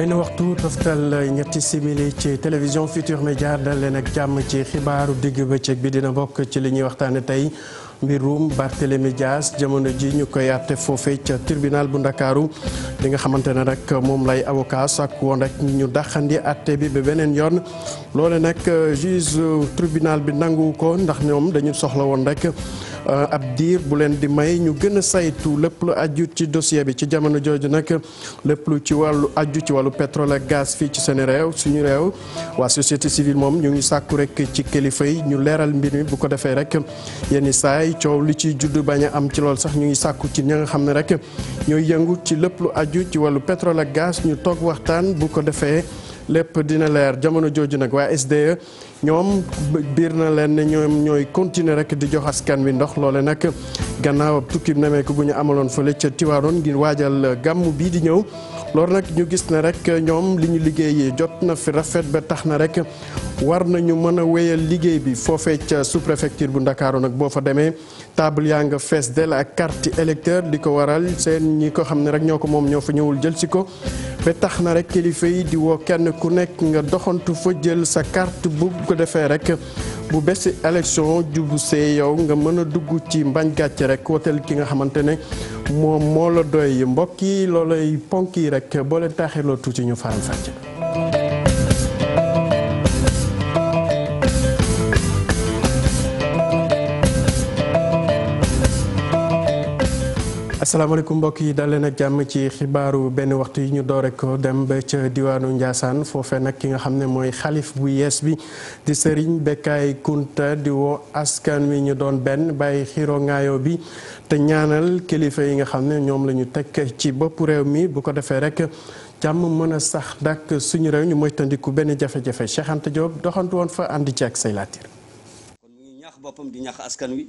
benn waxtu toftal ñetti simili ci télévision Futur Média dal leen ak jàmm ci xibaaru ba bëccëg bi dina bokk ci li ñuy waxtaane tey mbirum Barthélémy Dias jamono ji ñu koy àtte foofee ca tribunal bu ndakaaru li nga xamante ne rek moom lay avocat sàkk woon rek ñu daxandi àtte bi ba beneen yoon loole nag euh, juge tribunal bi nangu ko ndax ñoom dañu soxla woon rek euh, ab diir bu leen di may ñu gën a saytu lépp lu aju ci dossier bi ci jamono jooju nag lépp lu ci wàllu aju ci wàllu pétrole ak gaz fii ci seen réew suñu réew waa société civile moom ñu ngi sàkku rek ci kilifa yi ñu leeral mbir mi bu ko defee rek tey coow li ci judd bañ am ci lool sax ñu ngi sàkku ci ña nga xam ne rek ñoo yëngu ci lépp lu aju ci wàllu pétrole ak gaz ñu toog waxtaan bu ko defee lépp dina leer jamono jooju nag waa SDE. ñoom biir na leen ne ñoom ñooy continuer rek di jox askan wi ndox loole nag gannaaw ab tukki nemeeku bu ñu amaloon fële ca Tiwaaroon ngir waajal gàmm bii di ñëw loolu nag ñu gis ne rek ñoom li ñu liggéey jot na fi rafet ba tax na rek war nañu mën a wéyal liggéey bi foofee ca sous-préfecture bu Ndakaaru nag boo fa demee table yaa nga fees dell ak carte électeur di ko waral seen ñi ko xam ne rek ñoo ko moom ñoo fa ñëwul jël si ko ba tax na rek kilifa yi kenn ku nekk nga doxantu fa jël sa carte bu ko defee rek bu bési élection jubu see yow nga mën a dugg ci mbañ gàcce rek woteel ki nga xamante ne moom moo la doy mbokk yi loolay ponk yi rek boo taaxee loo tuuti ñu faram fàcce asalaamaaleykum mbokk yi dal leen jàmm ci xibaaru benn waxtu yi ñu doore ko dem ba ca diwaanu Ndiassane foofe nag ki nga xam ne mooy xalif bu yees bi di sëriñ Bekkaay Kunta diwoo askan wi ñu doon benn bàyyi xiro bi te ñaanal kilifa yi nga xam ne ñoom lañu ñu teg ci bopp réew mi bu ko defee rek jàmm mën a sax dàkk suñu réew ñu moytandiku benn jafe-jafe Cheikh Anta doxantu woon fa àndi ci ak say laatir. kon mu ngi boppam di ñaax askan wi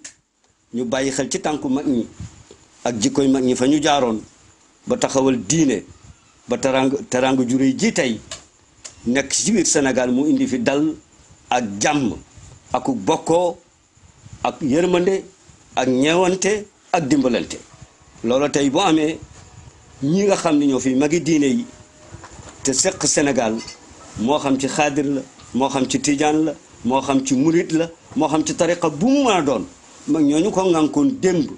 ñu bàyyi xel ci tànku mag ñi. ak jikkoy mag ñi fa ñu jaaroon ba taxawal diine ba teraanga teraanga ju réy ji tey nekk ci senegal Sénégal mu indi fi dal ak jàmm ak bokkoo ak yërmande ak ñeewante ak dimbalante loolu tey bu amee ñi nga xam ne ñoo fi magi diine yi te seq senegal moo xam ci xaadir la moo xam ci tijaan la moo xam ci murit la moo xam ci tariqa bu mu mën doon mag ñooñu ko ngànkoon démb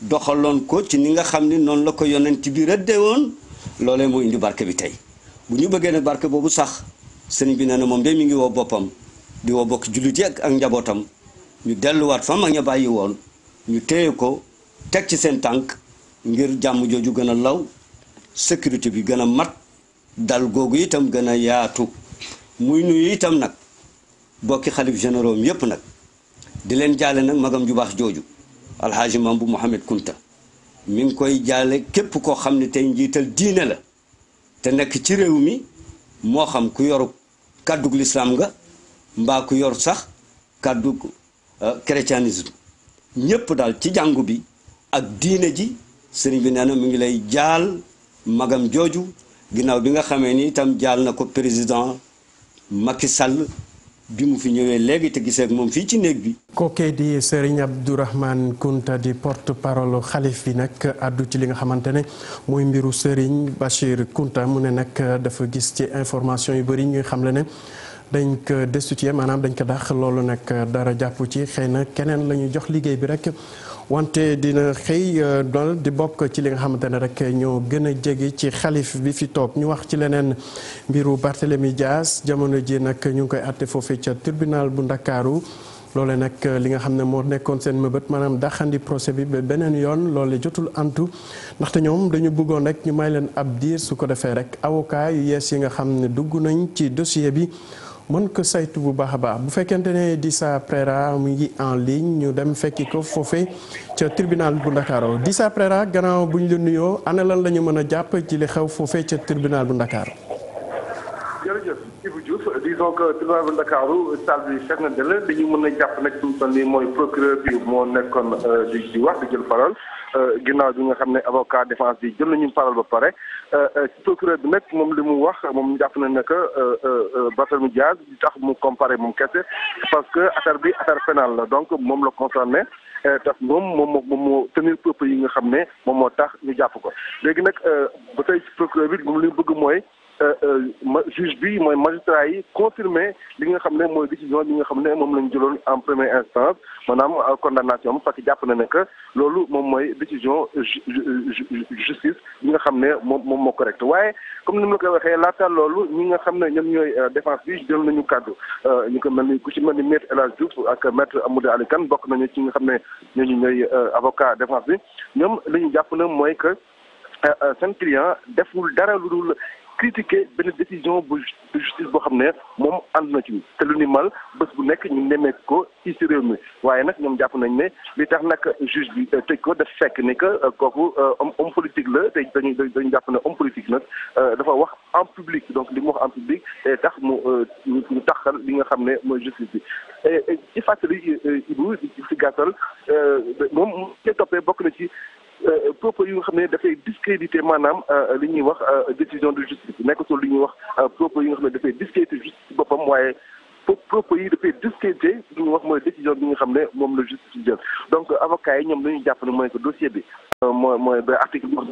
doxaloon ko ci ni nga xam ni noonu la ko yonent bi rëddee woon loolee moo indi barke bi tey bu ñu bëggee nag barke boobu sax sëriñ bi nee na moom de mi ngi woo boppam di woo bokk jullit yi ak njabootam ñu delluwaat fa mag bàyyi woon ñu téye ko teg ci seen tànk ngir jàmm jooju gën a law sécurité bi gën a mat dal googu itam gën a yaatu muy nuyu itam nag bokki xalif généraux yépp nag di leen jaale nag magam ju baax jooju alxaaji maam bu Mouhamed Kunta mi ngi koy jaale képp koo xam ne tey njiital diine la te nekk ci réew mi moo xam ku yoru kàddug lislaam nga mbaa ku yor sax kàddug euh, chrétianisme ñépp daal ci jàngu bi ak diine ji sëriñ bi mu ngi lay jaal magam jooju ginnaaw bi nga xamee ni itam jaal na ko président Macky Sall bi mu fi ñëwee léegi te gisee moom fii ci néeg bi. kookee di Serigne Abdourahmane Kunta di porte parole xalif bi nag àddu ci li nga xamante ne mooy mbiru Serigne Bachir Kunta mu ne nag dafa gis ci information yu bëri ñuy xamle ne dañ ko destitué maanaam dañ ko dàq loolu nag dara jàpp ci xëy na keneen la ñuy jox liggéey bi rek. wante dina xëy euh, doon di bokk ci li nga xamante ne rek ñoo gën a jege ci xalif bi fi toog ñu wax ci leneen mbiru Barthélemy Dias jamono ji nag ñu ngi koy àtte foofee ca tribunal bu Ndakaaru loole nag li nga xam ne moo nekkoon seen mëbët maanaam daxandi procès bi beneen yoon loole jotul antu ndaxte ñoom dañu bëggoon rek ñu may leen ab diir su ko defee rek avocat yees yi nga xam ne dugg nañ ci dossier bi mën ko saytu bu baax a baax bu fekkente ne Dissa Preira mu ngi en ligne ñu dem fekki ko foofe ca tribunal bu Ndakaaru Dissa Preira gannaaw bu ñu la nuyoo ana lan la mën a jàpp ci li xew foofe ca tribunal bu Ndakaaru. jërëjëf Ibou tribunal bi fees na dell li mën a jàpp nag fi mooy procureur bi moo nekkoon euh, di wax di jël parole. Euh, ginnaaw bi nga xam ne avocat défense bi jël nañu paral ba pare euh, euh, ci procureur bi nag moom li mu wax moom jàpp na ne que Barthélémy Diaz di tax mu comparé moom kese parce que affaire bi affaire pénale la donc moom la concerné tax moom moom moom moo tenir propos yi nga xam ne moom moo tax ñu jàpp ko léegi nag ba tey procureur bi moom li bëgg mooy juge bi mooy magistrat yi confirmer li nga xam ne mooy décision bi nga xam ne moom lañu jëloon en première instance maanaam euh, condamnation parce que jàpp na ne que loolu moom mooy décision justice bi nga xam ne moom moom moo correct waaye comme ni mu la koy waxee laata loolu ñi nga xam ne ñoom ñooy euh, défense bi jël nañu kàddu euh, ñu ko mel ni ku ci mel ni maître El Hadj Diouf ak maître Amadou Ali Kane bokk nañu ci nga xam ne ñooñu ñooy avocat défense bi ñoom li ñu jàpp na mooy que seen client dara lu dul critiquer benn décision bu justice boo xam ne moom ànd na ci te lu ni mal bés bu nekk ñu nemmeeku ko ci si réew mi waaye nag ñoom jàpp nañ ne li tax nag juge bi euh, teg ko daf fekk ni que euh, kooku euh, homme politique la te dañu dañu jàpp ne homme politique nag dafa wax en public donc li mu wax en public te tax mu ñu taxal li nga xam ne mooy justice bi ci fàttali Ibou ci gàttal moom mu toppee bokk na ci Euh, propos yu nga xam ne dafay discréditer maanaam euh, li ñuy wax euh, décision de justice nekkatul li ñuy wax propos yi nga xam ne dafay discréditer justice boppam waaye propos yi dafay discréditer li ñuy wax mooy décision bi nga xam ne moom la justice jël donc avocat yi ñoom dañuy jàpp ne mooy que dossier bi mooy mooy ba article bi wax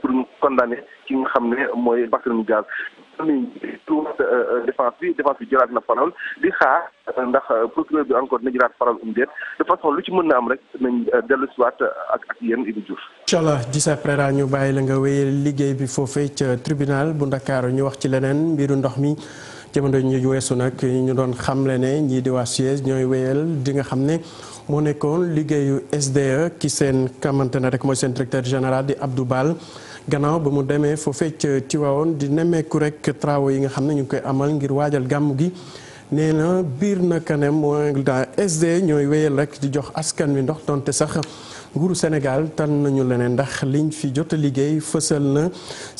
pour ñu condamner ki nga xam ne mooy Barthélémy dial nañ euh, euh, défense bi na parole di xaar euh, ndax procureur bi encore na jëlaat parole um déet de lu ci mën na am rek dellu siwaat ak ak yéen Ibou Diouf incha allah ñu bàyyi la nga wéyee liggéey bi foofee ca tribunal bu Ndakaaru ñu wax ci leneen mbiru ndox mi jamono ñu weesu nag ñu doon xamle ne ñii di waa Suez ñooy wéyal di nga xam ne moo nekkoon liggéeyu SDE ki seen kamante na rek mooy seen directeur général di Abdou baal gannaaw ba mu demee foofee ca Tiwaawoon di nemmeeku rek travaux yi nga xam ne ñu koy amal ngir waajal gàmmu gi nee na biir na kanem mooy daa SD ñooy wéyal rek di jox askan wi ndox donte sax nguuru Sénégal tan nañu leneen ndax liñ fi jot a liggéey fësal na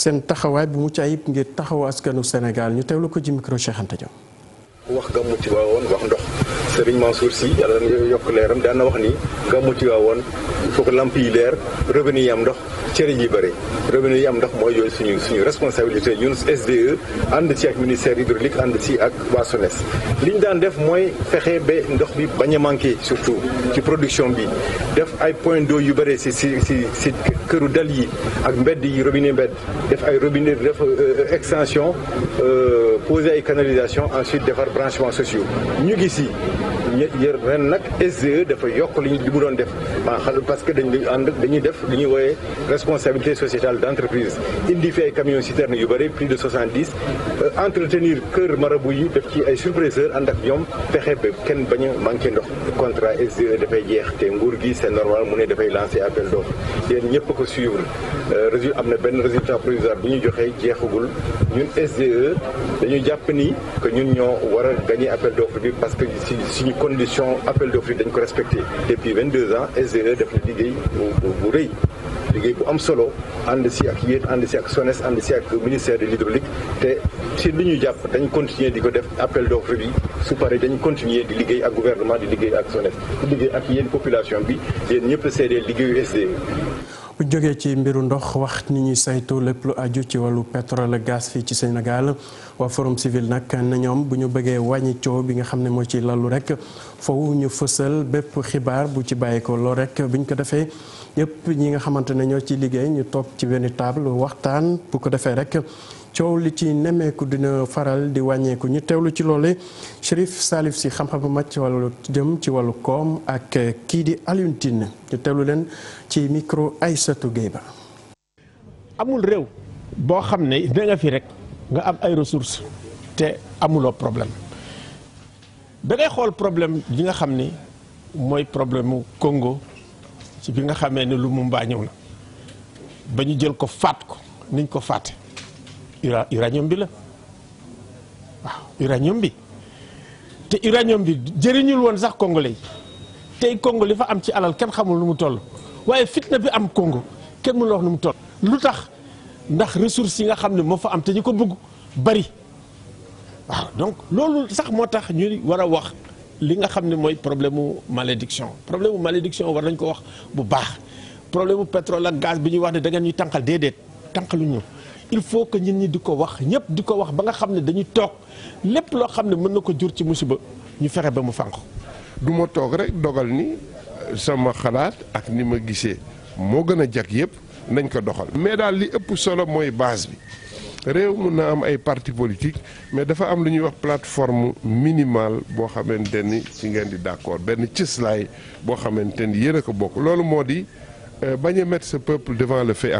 seen taxawaay bu mucc ayib ngir taxaw askanu Sénégal ñu teewlu ko ci micro Cheikh Anta Diop wax gàmmu ci waawoon wax ndox sëriñ Mansour si yàlla na yokk leeram daan na wax ni gàmmu ci waawoon il lamp yi leer revenu am ndox cëriñ yi bëri robinet yi am ndox mooy yooyu suñu suñu responsabilité ñun SDE ànd ci ak ministère hydraulique ànd ci ak waa SONES li ñu daan def mooy fexe ba ndox bi bañ a manqué surtout ci production bi def ay point do yu bëri ci ci ci ci këru dal yi ak mbedd yi robinet mbedd def ay robinet def euh, extension euh, poser ay canalisation ensuite defar branchement sociaux ñu gis yë ren nag SDE dafa yokk li ñu li mu doon def parce que dañuy ànd dañuy def li ñuy wooyee responsabilité sociétale d' entreprise indi fi ay camions citernes yu bëri plus de soixante dix euh, entretenir kër marabu yi def ci ay surpresseurs ànd ak ñoom fexe ba kenn bañ a manqué ndox contrat SDE dafay jeex te nguur gi c' est normal mu ne dafay lancer appel d' offre yéen ñëpp ko suivre euh, am na benn résultat provisoire bi ñu joxee jeexagul ñun SDE dañu jàpp ni que ñun ñoo war a appel d' offre condition appel d'offres dañ ko respecté depuis 22 ans SDE def na liggéey bu rëy liggéey bu am solo ànd si ak yéen ànd si ak SONES ànd si ak ministère de l'hydraulique te si li ñu jàpp dañ continuer di ko def appel d'offre bi su paree dañ continuer di liggéey ak gouvernement di liggéey ak SONES di liggéey ak yéen population bi yéen ñëpp seedee liggéeyu SDE bu jógee ci mbiru ndox wax ni ñuy saytu lépp lu aju ci wàllu pétrole gaz fii ci Sénégal waa forum civil nag na ñoom bu ñu bëggee wàññi coow bi nga xam ne moo ci lalu rek fowu ñu fësal bépp xibaar bu ci bàyyi ko lool rek bi ko defee ñëpp ñi nga xamante ne ñoo ci liggéey ñu toog ci benn table waxtaan bu ko defee rek. coow li ci nemmeeku dina faral di wàññeeku ñu teewlu ci loole Chérif Salif si xam-xam bu màcc ci wàllu jëm ci wàllu koom ak eh, kii di Alioune Tine ñu teewlu leen ci micro Aïssatou Gueye ba amul réew boo xam ne da fi rek nga am ay ressources te amuloo problème da ngay xool problème bi nga xam ni mooy problème mu Congo ci bi nga xamee ne Lumumba ñëw na ba ñu jël ko faat ko niñ ko faate ura uranium bi la waaw uranium bi te uranium bi jëriñul woon sax Congo lay tey Congo li fa am ci alal kenn xamul nu mu toll waaye fitna bi am kong kenn mënul wax nu mu toll lu tax ndax ressources yi nga xam ne moo fa am te ko bëgg bari waaw donc loolu sax moo tax ñu war a wax li nga xam ne mooy problème mu malédiction problème mu malédiction war nañ ko wax bu baax problème mu pétrole ak gaz bi ñuy wax ne dangeen ngeen ñuy tànqal déedéet tànqaluñu il faut que ñun ñi di ko wax ñëpp di ko wax ba nga xam ne dañuy toog lépp loo xam ne mën na ko jur ci musiba ñu fexe ba mu fànq du ma toog rek dogal ni sama xalaat ak ni ma gisee moo gën a jag yëpp nañ ko doxal mais daal li ëpp solo mooy base bi réew mun na am ay parti politique mais dafa am lu ñuy wax plateforme minimale boo xamante ni ci ngeen di d'accord benn cëslaay boo xamante ni yéen a ko bokk loolu moo di euh, bañ a mettre ce peuple devant le fait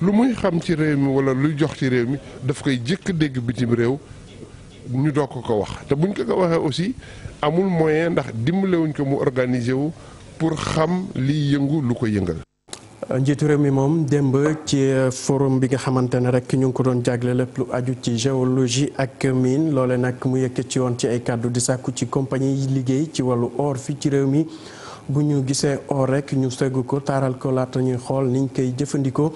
lu muy xam ci réew mi wala luy jox ci réew mi daf koy jëkk dégg bitim réew ñu doog ko ko wax te buñ ko ko waxee aussi amul moyen ndax dimbalewuñ ko mu organiser wu pour xam li yëngu lu ko yëngal. njiitu réew mi moom démb ci forum bi nga xamante ne rek ñu ngi ko doon jagle lépp lu aju ci géologie ak mine loole nag mu yëkk ci yoon ci ay kàddu di sàkku ci compagnie yi liggéey ci wàllu or fii ci réew mi bu ñu gisee or rek ñu segg ko taaral ko laata ñuy xool niñ koy jëfandikoo.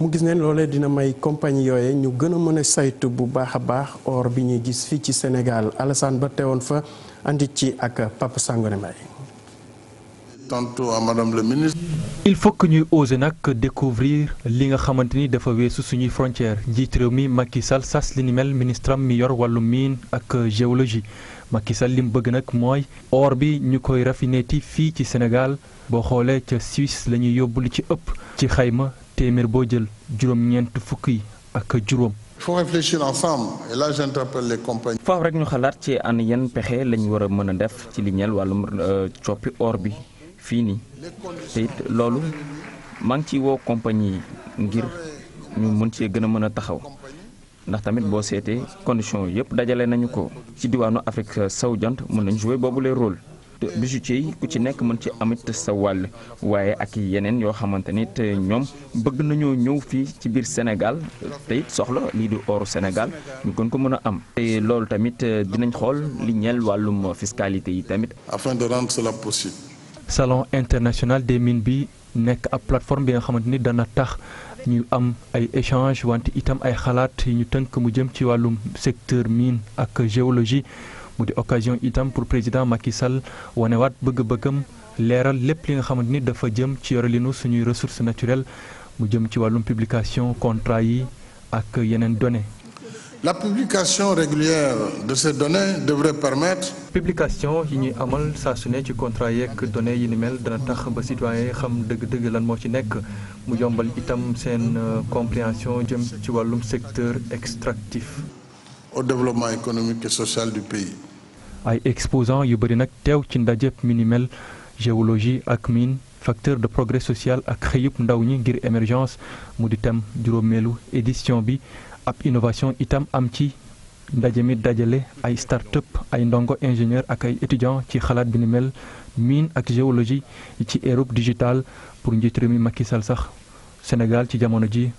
mu gis ne loolee dina may compagnie yooye ñu gën a mën a saytu bu baax a baax or bi ñuy gis fii ci Sénégal Alassane ba teewoon fa andi ci ak Papa Sangone Mbaye tantôt à madame le ministre. il faut ñuy oser nag découvrir li nga xamante ni dafa weesu suñuy frontière njiit réew mi Macky Sall sas li ni mel ministre am mi yor wàllu miin ak géologie Macky Sall li bëgg nag mooy or bi ñu koy raffiné fii ci Sénégal boo xoolee ca Suisse la yóbbu li ci ëpp ci xayma téeméer boo jël juróom-ñeent fukk yi juróom. il faut réfléchir ensemble et là j'interpelle les rek ñu xalaat ci an yan pexe la ñu war a mën a def ci li ñeel wàllum euh, coppi or bi fii nii te loolu maa ngi ciy woo compagnie yi ngir ñu mën cee gën a mën a taxaw ndax tamit boo seetee condition yëpp dajale nañu ko ci diwaanu Afrique sowu jant mën nañ jouer boobu les role bijoutier yi ku ci nekk mën ci amit sa wàll waaye ak yeneen yoo xamante nit ñoom bëgg nañoo ñëw fii ci biir Sénégal te soxla lii di ooru Sénégal ñu gën ko mën a am te loolu tamit euh, dinañ xool li ñeel wàllum fiscalité yi tamit. afin de rendre cela salon international des mines bi nekk ab plateforme bi nga xamante ni dana tax. ñu am ay échange wante itam ay xalaat yi ñu tënk mu jëm ci wàllum secteur miin ak géologie mu di occasion itam pour président Macky Sall wanewaat bëgg-bëggam leeral lépp li nga xamante ni dafa jëm ci yorelinu suñuy ressources naturelles mu jëm ci wàllum publication contrat yi ak yeneen données. La publication régulière de ces données devrait permettre. publication yi ñuy amal saa su ne ci contrat yeeg données yi ni mel dana tax ba citoyen xam dëgg-dëgg lan moo ci nekk mu jombal itam seen euh, compréhension jëm ci wàllum secteur extractif. au développement économique et social du ay exposants yu bëri nag teew ci ndaje mi géologie ak mine facteur de progrès social ak xëyub ndaw ñi ngir émergence mu di tam juróomeelu édition bi ab innovation itam am ci ndaje mi dajale ay start ay ndongo ingénieur ak ay étudiants ci xalaat bi ni mine ak géologie ci Europe digitale pour njiit réew mi Macky Sall sax Sénégal ci jamono ji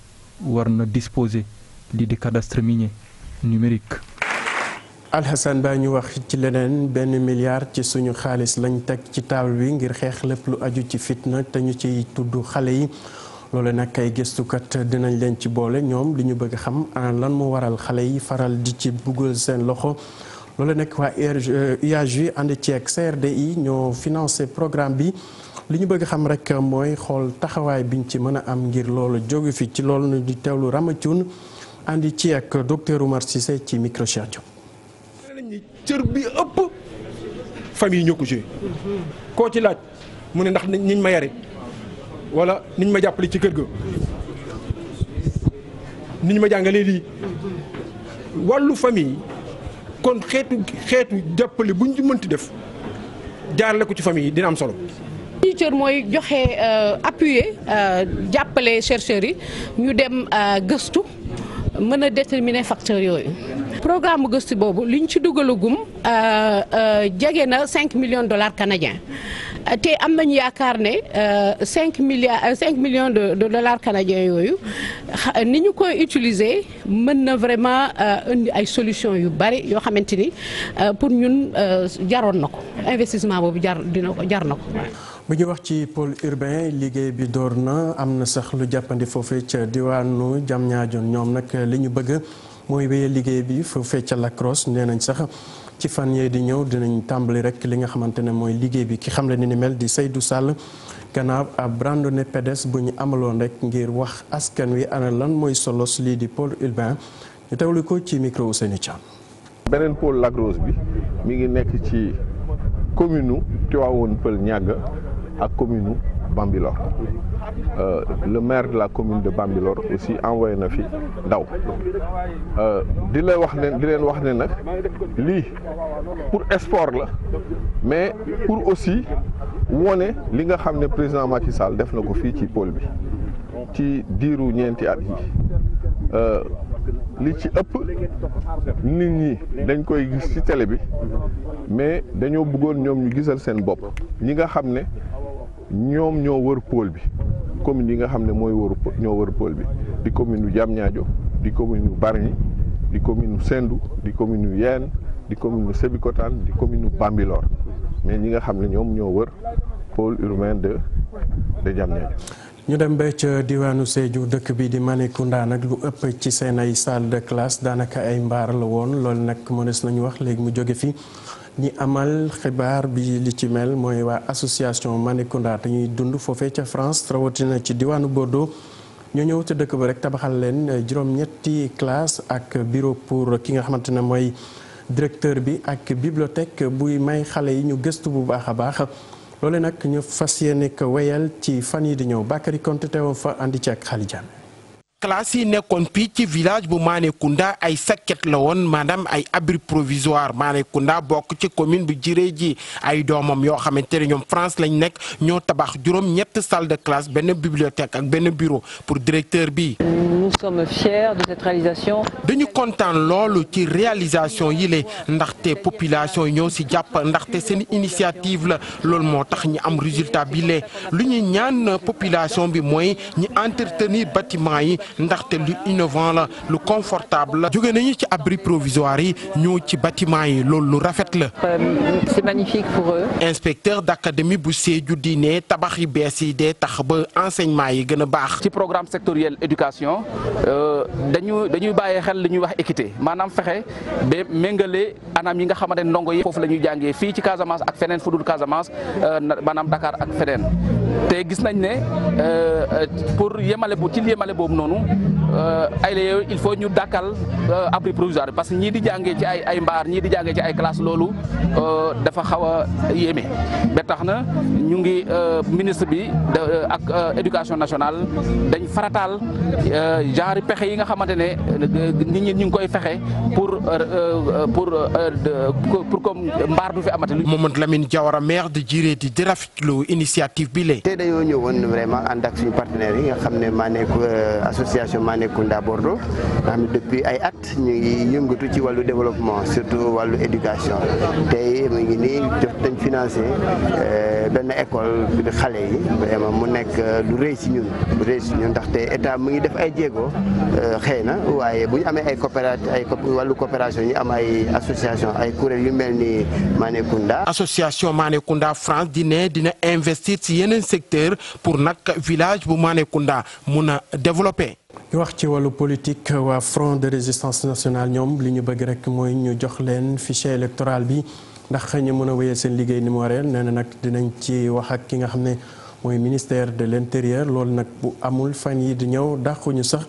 war na disposé lii di cadastre minier numérique alxasan baa ñu wax ci leneen benn milliard ci suñu xaalis lañ teg ci table bi ngir xeex lépp lu aju ci fitna te ñu ciy tudd xale yi loole nag ay gëstukat dinañ leen ci boole ñoom li ñu bëgg xam ah, lan mu waral xale yi faral di ci buggal seen loxo loolu nag waa UAG euh, ànd ci ak yi ñoo financé programme bi li ñu bëgg xam rek mooy xool taxawaay biñ ci mën a am ngir loolu jóge fi ci loolu di teewlu Ramathiune ànd ci ak docteur Oumar Cissé ci microchère cër bi ëpp famille ñoo ko ci laaj mu ne ndax niñ ma yare wala niñ ma jàppale ci kër ga niñ ma jàngalee lii wàllu famille kon xeetu xeetu jàppale buñ ci mënti def jaarale ko ci famille yi dina am solo. suñu mooy joxe euh, appuyer euh, jàppale chercheurs yi ñu dem euh, gëstu mën a déterminer facteurs yooyu. programme gëstu boobu ñu ci dugalagum euh, euh, jege na 5 millions de dollars canadiens te am nañu yaakaar ne 5 milliards 5 millions de dollars canadiens yooyu ni ñu koy utiliser mën na vraiment euh, indi ay solutions yu bari yoo xamante ni pour ñun jaroon na ko investissement boobu jar dina jar na ko. bu ñu wax ci pôle urbain liggéey bi door na am na sax lu jàppandi foofu ca diwaanu Diamniadio ñoom nag li ñu bëgg. mooy wéye liggéey bi foofee ca Lacrosse nee nañ sax ci fan yee di ñëw dinañ tàmbali rek li nga xamante ne mooy liggéey bi ki xam le ni ni mel di Seydou Sall gannaaw ab randonnée pédestre bu ñu amaloon rek ngir wax askan wi ana lan mooy solos lii di pôle urbain ñu teewlu ko ci micro Ousseynou Thiam. beneen pôle Lacrosse bi mu ngi nekk ci commune Tivaouane Peulh Niaga ak commune Bambilor euh, le maire de la commune de Bambilor aussi envoyé na fi ndaw euh, di la wax ne di leen wax ne nag lii pour sport la mais pour aussi wone li nga xam ne président Macky Sall def na ko fii ci pôle bi ci diiru ñeenti at yi euh, li ci ëpp nit ñi dañ koy gis ci tele bi mais dañoo buggoon ñoom ñu gisal seen bopp ñi nga xam ne ñoom ñoo wër pôle bi commune yi nga xam ne mooy wër ñoo wër bi di commune yu Diamniadio di commune yu Bargny di commune Sendou di commune yu di commune yu di commune yu Bambilor mais ñi nga xam ne ñoom ñoo wër pôle urbain de de Diamniadio ñu dem ba ca diwaanu Sédhiou dëkk bi di Manécounda nag lu ëpp ci seen ay salle de classe daanaka ay mbaar la woon loolu nag mënees nañu wax léegi mu jóge fi ñi amal xibaar bi li ci mel mooy waa association Manécounda te ñuy dund foofee ca France rawatina ci diwaanu Bordeaux ñoo ñëw ca dëkk bi rek tabaxal leen eh, juróom-ñetti classe ak bureau pour ki nga xamante ne mooy directeur bi ak bibliothèque buy may xale yi ñu gëstu bu baax a baax loole nag ñu fas yéene ko wéyal ci fan yi di ñëw Bakary Konte teewoon fa indi ci ak Khalidiane classe yi nekkoon fii ci village bu Manékounda ay sakket la woon maanaam ay abri provisoire Manékounda bokk ci commune bu Jiree ji ay doomam yoo xamante ne ñoom France lañ nekk ñoo tabax juróom ñett salle de classe benn bibliothèque ak benn bureau pour directeur bi dañu kontaan loolu ci réalisation yi le ndaxte population yi ñoo si jàpp ndaxte seen initiative la loolu moo tax ñu am résultat bi le lu ñu ñaan population bi mooy ñu entretenir batiment yi ndaxte lu innovant la lu confortable la jóge nañu ci abri provisoire yi ñëw ci batiment yi loolu lu rafet la. Euh, c'est magnifique pour eux. inspecteur d'académie bu Sédhiou di ne tabax yu bees yi dee tax ba enseignement yi gën a baax. ci programme sectoriel éducation euh, dañu dañuy bàyyi xel li ñuy wax équité maanaam fexe ba méngale anam yi nga xamante ne ndongo yi foofu la ñuy jàngee fii ci Casamance ak feneen fu dul Casamance euh, maanaam Dakar ak feneen. te gis nañ ne euh, pour yemale bu ci yemale boobu noonu euh, ay la il faut ñu dàkkal euh, abri provisoire parce que ñii di jàngee ci ay ay mbaar ñii di jàngee ci ay classe loolu dafa xaw a yéeme ba tax na ñu ngi ministre bi ak éducation nationale dañ farataal genre pexe yi nga xamante ne nit ñi ñu ngi koy fexe pour pour pour comme mbaar du fi amati. Mamadou Lamine Diawara maire de Djiré di rafetlu initiative bi la. tey dañoo ñëwoon vraiment ànd ak suñu partenaires yi nga xam ne maa nekk euh, association maa nekkounda Bordeaux nga xam ne depuis ay at ñu ngi yëngatu ci wàllu développement surtout wàllu éducation tey mu ngi nii jox dañ financé euh, benn école xale yi vraiment mu nekk euh, lu rëy si ñun lu rëy si ñun ndaxte état mu ngi def ay jéego xëy na waaye bu ñu amee ay coopérative ay wàllu coopération ñu am ay association ay kuréel yu mel ni maa nekkounda association maa nekkounda France secteur pour nag village bu Manékounda mun a développer. wax ci wàllu politique waa front de résistance nationale ñoom li ñu bëgg rek mooy ñu jox leen fichier électoral bi ndax ñu mën a wéyal seen liggéey ni mu waree nee na nag dinañ ci wax ak ki nga xam ne mooy ministère de l'intérieur loolu nag bu amul fan yi di ñëw dàquñu sax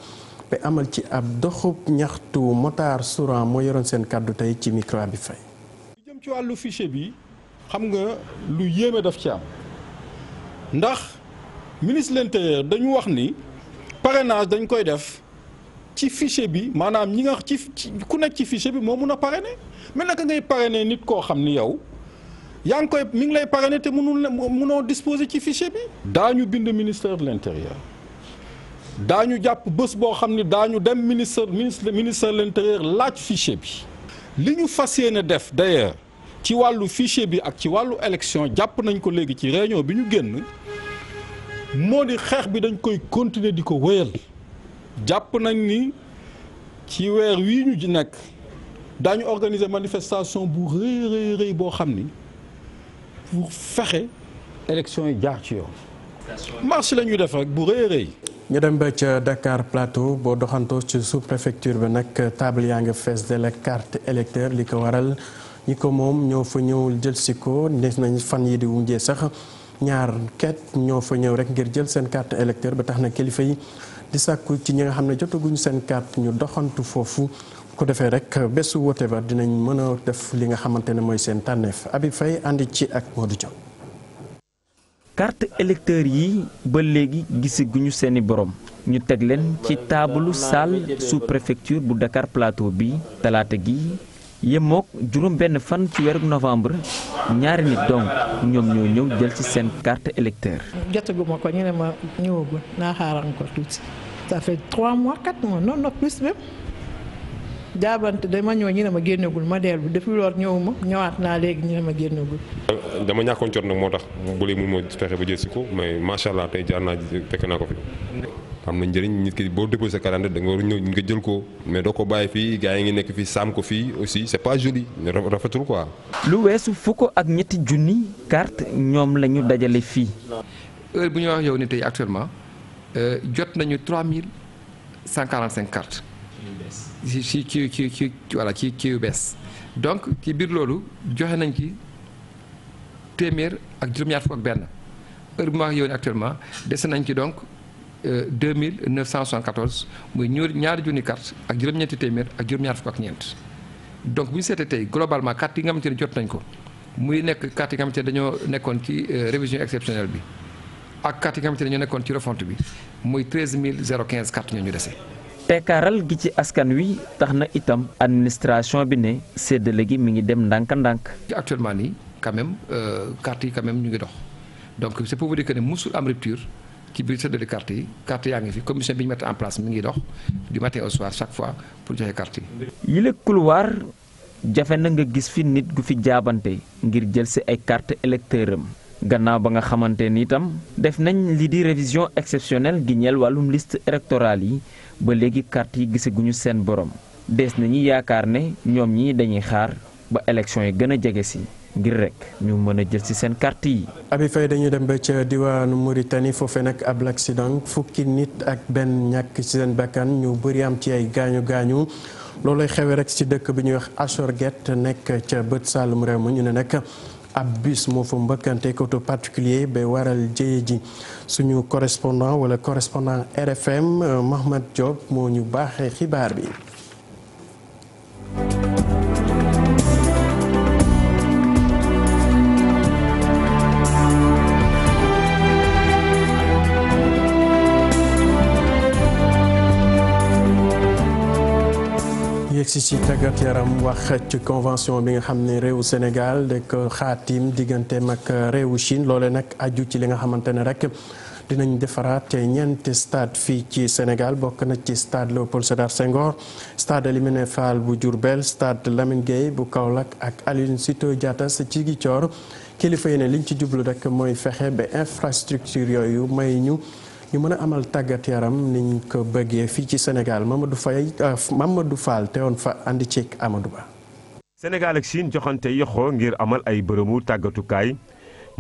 ba amal ci ab doxub ñaxtu Motaar Souran moo yoroon seen kàddu tey ci micro bi fay. lu jëm ci wàllu fichier bi xam nga lu yéeme daf ci am. ndax ministre de dañu wax ni parrainage dañ koy def ci fichier bi maanaam ñi nga ci ku nekk ci fichier bi moo mun a pare parrainer mais naka ngay ne nit koo xam ni yow yaa ngi koy mi ngi lay parrainer te mënul mënoo disposer ci fichier bi. daañu bind ministère de l'intérieur daañu jàpp bés boo xam ni daañu dem ministre ministre ministère de l'intérieur laaj fichier bi li ñu fas yéene def d'ailleurs ci wàllu fichier bi ak ci wàllu élection jàpp nañ ko léegi ci réunion bi ñu génn. moo di xeex bi dañ koy continuer di ko wéyal jàpp nañ ni ci weer wii ñu ji nekk daañu organiser manifestation bu rëy rëy boo xam ni pour fexe élection yi jaar ci yoon marche la ñuy def rek bu rëy rëy ñu dem ba ca Dakar Plateau boo doxantoo ci sous préfecture bi nag table yaa ngi fees de la carte électeur li ko waral ñi ko moom ñoo fa ñëwul jël si ko nees nañ fan yi di wunjee sax ñaar ket ñoo fa ñëw rek ngir jël seen carte électeur ba tax na kilifa yi di sàkku ci ñi nga xam ne jotaguñu seen carte ñu doxantu foofu ko defee rek bésu woote ba dinañ mën a def li nga xamante ne mooy seen tànneef abi fay àndi ci ak Modou kart carte yi ba léegi gisaguñu seeni borom ñu teg leen ci taabalu salle sous préfecture bu Dakar Plateau bi talaata gi. yemook juróom benn fan ci weeru novembre ñaari nit donc ñoom ñoo ñëw jël ci seen carte gu ma ko ñu ne ma ñëwagul naa xaaral ko tuuti ça fait trois mois quatre mois non non plus même jaabante dama ñëw ñu ne ma génnagul ma dellu depuis loolu ñëwuma ñëwaat naa léegi ñu ne ma génnagul. dama ñàkkoon jot nag moo tax bu dee mun moo fexe ba jël si ko mais macha allah tey jaar naa fekk naa ko fi. xam na njëriñ nit ki boo déposé karante da nga war a ñëw nga jël ko mais doo ko bàyyi fii gars yi ngi nekk fii saam ko fii aussi c'est pas joli rafetul quoi. lu weesu fukk ak ñetti junni carte ñoom la ñu dajale fii. heure bu ñu wax yow ni tey actuellement euh, jot nañu 3145 cartes. ci ci ci ci ci voilà ci ci bees donc ci biir loolu joxe nañ ci téeméer ak juróom-ñaar fukk ak benn heure bu ma wax yow ni actuellement dese nañ ci donc. deux mille neuf cent soixante-quatorze muy ñoor ñaari junni carte ak juróom-ñeenti téeméer ak juróom-ñaar fukk ak ñeent donc bu ñu seetee tey globalement carte yi nga xamante ne jot nañ ko muy nekk carte yi nga xamante ne dañoo nekkoon ci euh, révision exceptionnelle bi ak carte yi nga xamante ne dañoo nekkoon ci refonte bi muy treize mille zéro quinze carte ñoo ñu dese. pekkaaral gi ci askan wi tax na itam administration bi ne séddale gi mi ngi dem ndànk-ndànk. actuellement nii quand même euh, carte yi quand même ñu ngi dox donc c'est pour vous dire que ne musul am rupture. ci biir séddale carte yi carte yaa ngi fi commission bi ñu mettre en place mi ngi dox du matin au soir chaque fois pour joxe carte yi. yile couloir jafe na nga gis fi nit gu fi jaabante ngir jël si ay carte électeur am gannaaw ba nga xamante ni itam def nañ li di révision exceptionnelle gi ñeel wàllum liste électorale yi ba léegi carte yi gisaguñu seen borom des nañu yaakaar ne ñoom ñi dañuy xaar ba élection yi gën a jege si. ngir rekk ñu mën a jël ci seen carte yi. abi fay dañuy dem ba ca diwaanu moritani foofee nag ab accident fukki nit ak benn ñàkk ci seen bakkan ñu bari am ci ay gaañu gaañu. loolay xewee rek ci dëkk bi ñuy wax Assorget nekk ca bët saalum réew ma ñu ne nag ab bus moo fa mbëkkante auto particulier ba waral jëye ji suñu correspondant wala correspondant RFM Mahmoud Diop moo ñu baaxee xibaar bi. yegsi ci tàggat yaram wax ci convention bi nga xam ne réewu Sénégal de ko xaatim digganteem ak réewu Chine loole nag aju ci li nga xamante ne rek dinañ defaraat ñeenti stade fii ci Sénégal bokk na ci stade Léopold Sédar Senghor stade Eliminel Fall bu Diourbel stade Lamine Gueye bu Kaolack ak Aline Sitoé Diatta ci Ziguinchor kilifa yi ne liñ ci jublu rek mooy fexe ba infrastructure yooyu may ñu. ñu mën a amal tàggat yaram niñ ko bëggee fii ci Sénégal Mamadou Faye euh, Mamadou Fall teewoon fa ànd ceeg Amadou Ba. Sénégal ak Chine joxante yoxoo ngir amal ay bërëmu tàggatukaay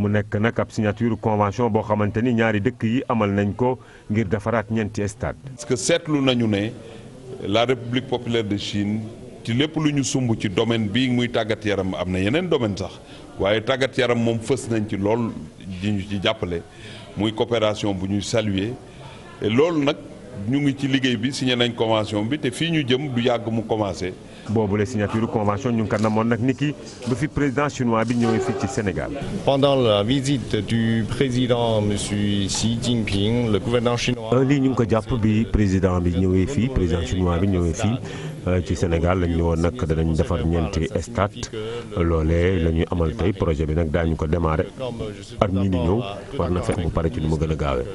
mu nekk nag ab signature convention boo xamante ni ñaari dëkk yi amal nañ ko ngir defaraat ñeenti stade. parce que seetlu nañu ne la république populaire de Chine ci lépp lu ñu sumb ci domaine bi muy tàggat yaram am na yeneen domaine sax waaye tàggat yaram moom fës nañ ci lool di ci jàppale. muy coopération bu ñu saluer e loolu nag ñu ngi ci liggéey bi signé nañ convention bi te fii ñu jëm du yàgg mu commencé. boobu la signature convention ñu ngi ko moon nag ni ki ba fi président chinois bi ñëwee fii ci Sénégal. pendant la visite du président monsieur Xi Jinping le gouverneur chinois. lii ñu ngi ko jàpp bi président bi ñëwee fii président chinois bi ñëwee fii. ci Sénégal lañ woon nag danañ defar ñeenti stade loolee la ñuy amal tey projet bi nag daañu ko démarrer at mi ni ñëw war na fex mu pare ci nu mu gën gaawee.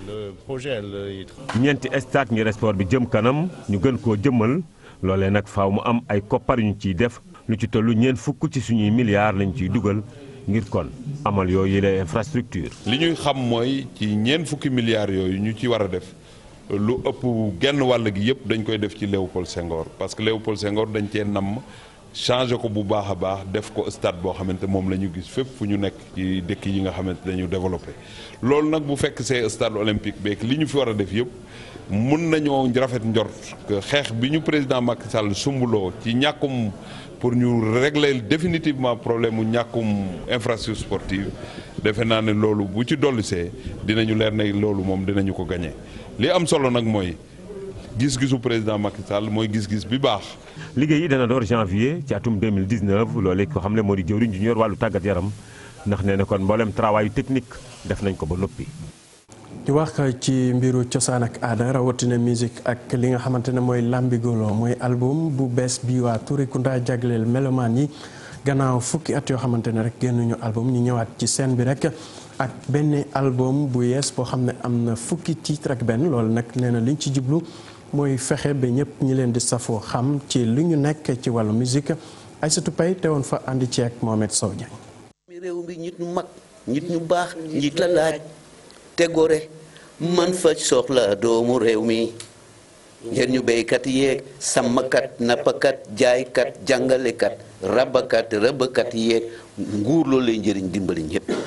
ñeenti stade ngir sport bi jëm kanam ñu gën koo jëmal loolee nag faw mu am ay koppar ñu ciy def lu ci tollu ñeent fukk ci suñuy milliards lañ ciy dugal. ngir kon amal yooyu la infrastructure. li ñuy xam mooy ci ñeent fukki milliards yooyu ñu ci war a def. lu ëpp genn wàll gi yëpp dañ koy def ci Léopold sengoor parce que Léopold sengoor dañ cee nam changé ko bu baax a baax def ko stade boo xamante moom la ñu gis fépp fu ñu nekk ci dëkk yi nga xamante dañu développé loolu nag bu fekk see stade olympique beeg li ñu fi war a def yëpp mun nañoo rafet njor xeex bi ñu président Macky Sall sumbuloo ci ñàkkum pour ñu régler définitivement problème mu ñàkkum infrastructure sportive defe naa ne loolu bu ci dollisee dinañu leer ne loolu moom dinañu ko gagné. li am solo nag mooy gis-gisu président Macky Sall mooy gis-gis bi baax. liggéey yi dana door janvier ci atum 2019 loolee ko xam ne moo di jëwriñ ju ñor wàllu tàggat yaram ndax nee na kon mboolem travaayu technique def nañ ko ba noppi. di wax ci mbiru cosaan ak aada rawatina musique ak li nga xamante ne mooy lambigolo mooy album bu bees bi waa Tourikunda jagleel melomaan yi gannaaw fukki at yoo xamante ne rek génnuñu album ñu ñëwaat ci seen bi rek ak benn albom bu yees boo xam ne am na fukki ci ak benn loolu nag nee na liñ ci jublu mooy fexe ba ñëpp ñi leen di safoo xam ci li ñu nekk ci wàllu musique Aïssatou Paye teewoon fa àndi ci ak Mohamed Sow Diagne réew mi nit ñu mag nit ñu baax nit la laaj man fa soxla doomu réew mi njër ñu béykat yeeg sàmmkat nappakat jaaykat jàngalekat rabakat rëbakat yeeg nguur loolu lay njëriñ dimbali ñëpp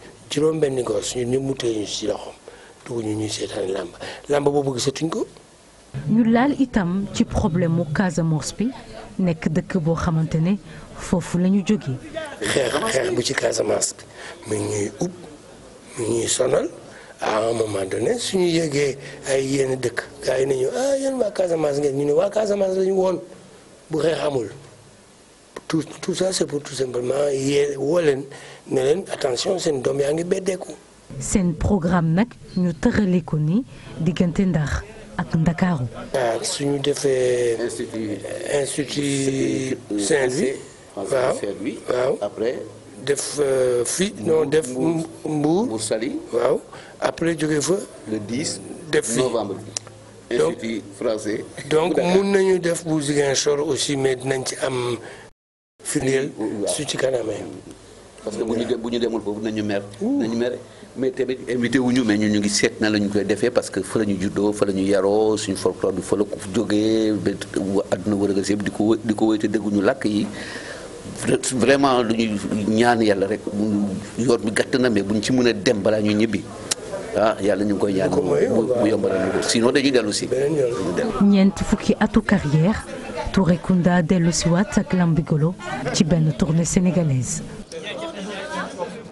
juróom benni goos ñun ñëpp mu téye ñu si loxoom dugg ñu ñuy seetaani làmb làmb boobu gisatuñ ko. ñu laal itam ci problème mu Casamance bi nekk dëkk boo xamante ne foofu la ñu jógee. xeex xeex bu ci Casamance bi mu ñuy ub mu ñuy sonal à un moment donné suñu yëgee ay yenn dëkk gars yi nañu ah yéen waa Casamance ngeen ñu ne waa Casamance lañu woon bu xeex amul. tout tout ça c'est pour tout simplement yee woo leen ne leen attention seen doom yaa ngi beddeeku. seen programme nag ñu tëralee ko ni diggante ndax ak ndakaaru. waaw ah, suñu defee. institut institut saint def euh, fi no def. Mbour Mbour Saly waaw après jóge fa. le 10 def fii donc mun nañu def bu Ziguinchor aussi mais dinañ ci am. firndeel ah. su ci kanamee parce que bu ñu bu ñu demul foofu nañu mer nañu mer mais tamit invité wu ñu mais ñu ngi seet na la ñu koy defee parce que fa la ñu juddoo fa la ñu yaroo suñu folklore bi fa la ko jógee ba àdduna wërëgal si yëpp di ko di ko wéy te dégguñu làkk yi vraiment lu ñu ñaan yàlla rek yoon bi gàtt na mais buñ ci mën a dem balaa ñu ñibbi ah yàlla ñu ngi koy ñaan mu yombalal ñu ko sinon dañuy dellu si fukki atu carrière Touré-Kunda waat ak Lambigolo ci benn tournée sénégalaise.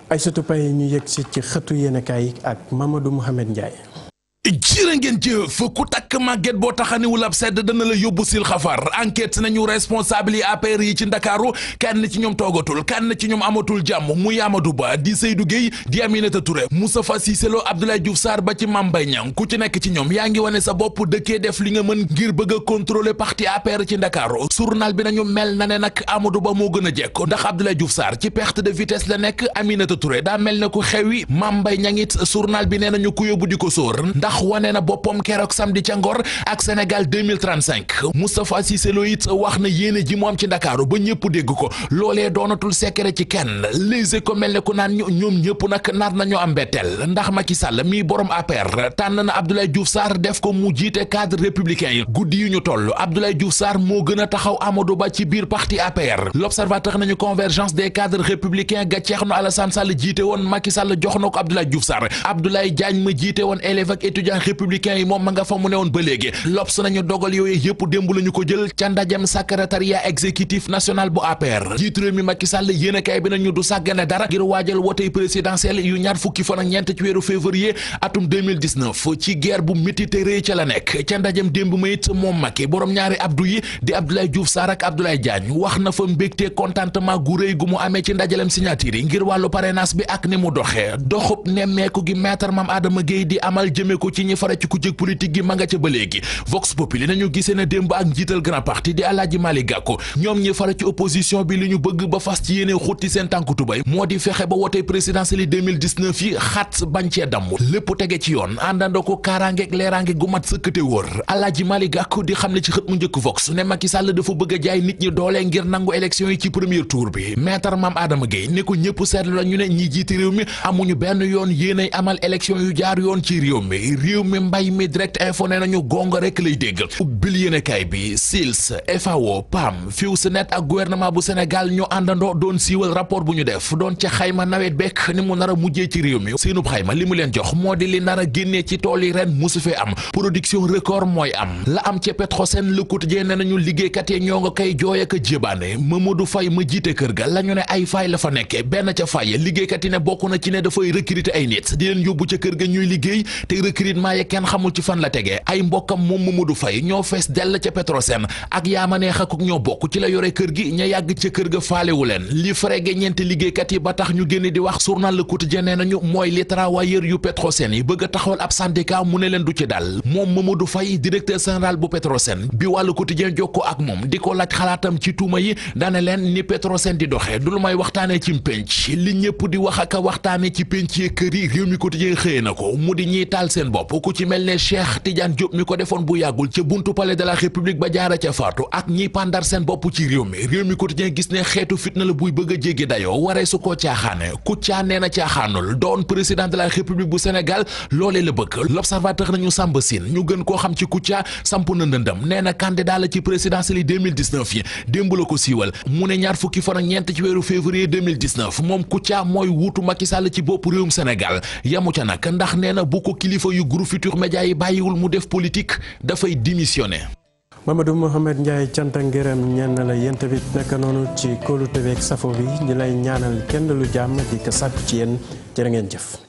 Aïssatou Paye ñu yegg ci xëtu yéenekaay yi ak Mamadou Mouhamed Ndiaye. jërë ngeen jëf ku takk màgget boo taxaniwul ab sedd dana la yóbbu sil xafar enquête nañu responsable yi APR yi ci ndakaaru kenn ci ñoom toogatul kenn ci ñoom amatul jàmm muy Amadou Ba di Seydou Gueye di Aminata Touré Moustapha Cissé Lo Abdoulaye Diouf Sarr ba ci Mame Mbaye Niang ku ci nekk ci ñoom yaa ngi wane sa bopp dëkkee def li nga mën ngir bëgg a contrôler parti APR ci ndakaaru surnal bi nañu mel na ne nag Amadou Ba moo gën a jekk ndax Abdoulaye Diouf Sarr ci perte de vitesse la nekk Aminata Touré daa mel ne ku xewi Mame Mbaye Niang it journal bi nee nañu ku yóbbu di ko sóor ndax wane na boppam kerook samedi ca Ngor ak Sénégal 2035 Moustapha Cissé Lo it wax na yéene ji am ci Ndakaaru ba ñëpp dégg ko loolee doonatul secret ci kenn léegi ko mel ne ku naan ñoom ñëpp nag nar nañoo am mbetteel ndax Macky Sall mii borom APR tànn na Abdoulaye Diouf Sarr def ko mu jiite cadre républicain yi guddi yu ñu toll Abdoulaye Diouf Sarr moo gën a taxaw Amadou Ba ci biir parti APR l'observateur nañu convergence des cadres républicains ga Thierno Alassane Sall jiite woon Macky Sall jox na ko Abdoulaye Diouf Sarr Abdoulaye Diagne ma jiite woon élève étudiants républicains yi moom ma nga fa mu newoon ba léegi lobs nañu dogal yooyu yëpp démb la ko jël ca ndajem secrétariat exécutif national bu APR jiitu réew mi Macky Sall yéenekaay bi nañu du sàggane dara ngir waajal wotey présidentielle yu ñaar fukki fan ñeent ci weeru février atum ci guerre bu métitérée ca la nekk ca ndajem démb ma it moom Macky borom ñaari abdou yi di Abdoulaye Diouf Sarr ak Abdoulaye wax na fa mbégte contentement gu bokk ci ñi fara ci ku jëg politique gi ma nga ca ba léegi Vox Populi nañu gisee na démb ak njiital grand parti di Alaaji Malick Gakou ñoom ñi fara ci opposition bi li ñu bëgg ba fas ci yéene xutti seen tànku tubay moo di fexe ba wote présidentielle yi 2019 yi xat bañ cee damm lépp tege ci yoon àndandoo ko leeraange gu mat sëkkate wër Alaaji Malick Gakou di xam ne ci xët mu njëkk Vox ne Macky Sall dafa bëgg a jaay nit ñi doole ngir nangu élection réew mi mbay mi direct info nee nañu gonga rek lay dégg ubbil yéenekaay bi SILS FAO PAM FEWSNET ak gouvernement bu Sénégal ñoo àndandoo doon siiwal rapport bu ñu def doon ca xayma nawet bekk ni mu nara mujjee ci réew mi seenub xayma li mu leen jox moo di li nar a génnee ci tool yi ren musu fee am production record mooy am la am ca Petrosen Le Quotidien nee nañu liggéeykat yi ñoo nga koy jooy ak a jébaane Mamadou fay ma jiite kër ga la ñu ne ay fay la fa nekkee benn ca fay liggéeykat yi ne bokk na ci ne dafay recruter ay nit di leen yóbbu ca kër ga ñuy liggéey recrutement yi kenn xamul ci fan la tegee ay mbokkam moom Mamadou Faye ñoo fees dell ca Petrosen ak yaamaneex ak ñoo bokk ci la yore kër gi ña yàgg ca kër ga faalewu leen li frege ñeenti liggéeykat yi ba tax ñu génn di wax journal Le Quotidien nee nañu mooy li travailleurs yu Petrosen yi bëgg a taxawal ab syndicat mu ne leen du ci dal moom Mamadou Faye directeur général bu Petrosen bi wàllu Quotidien jokkoo ak moom di ko laaj xalaatam ci tuuma yi daane leen ni Petrosen a bopp ku ci mel ne Cheikh Tidiane Diop mi ko defoon bu yàggul ca buntu palais de la république ba jaara ca faatu ak ñiy pandar seen bopp ci réew mi réew mi quotidien gis ne xeetu fitna la buy bëgg a jéggi dayoo waree su koo caaxaane Kouthia nee caaxaanul doon président de la république bu Sénégal loolee la bëgg l'observateur nañu Samba Sine ñu gën koo xam ci Kouthia samp na ndëndam nee na ci présidentielle yi yi démb ko siiwal mu ne ñaar fukki groupe Futur Média yi bàyyiwul mu def politique dafay démissionner. Mamadou Mouhamed Ndiaye cant ak ñenn la yéen tamit naka noonu ci kóolute beeg safo bi ñu lay ñaanal kenn lu jàmm di ko sàkku ci yéen jërë ngeen jëf.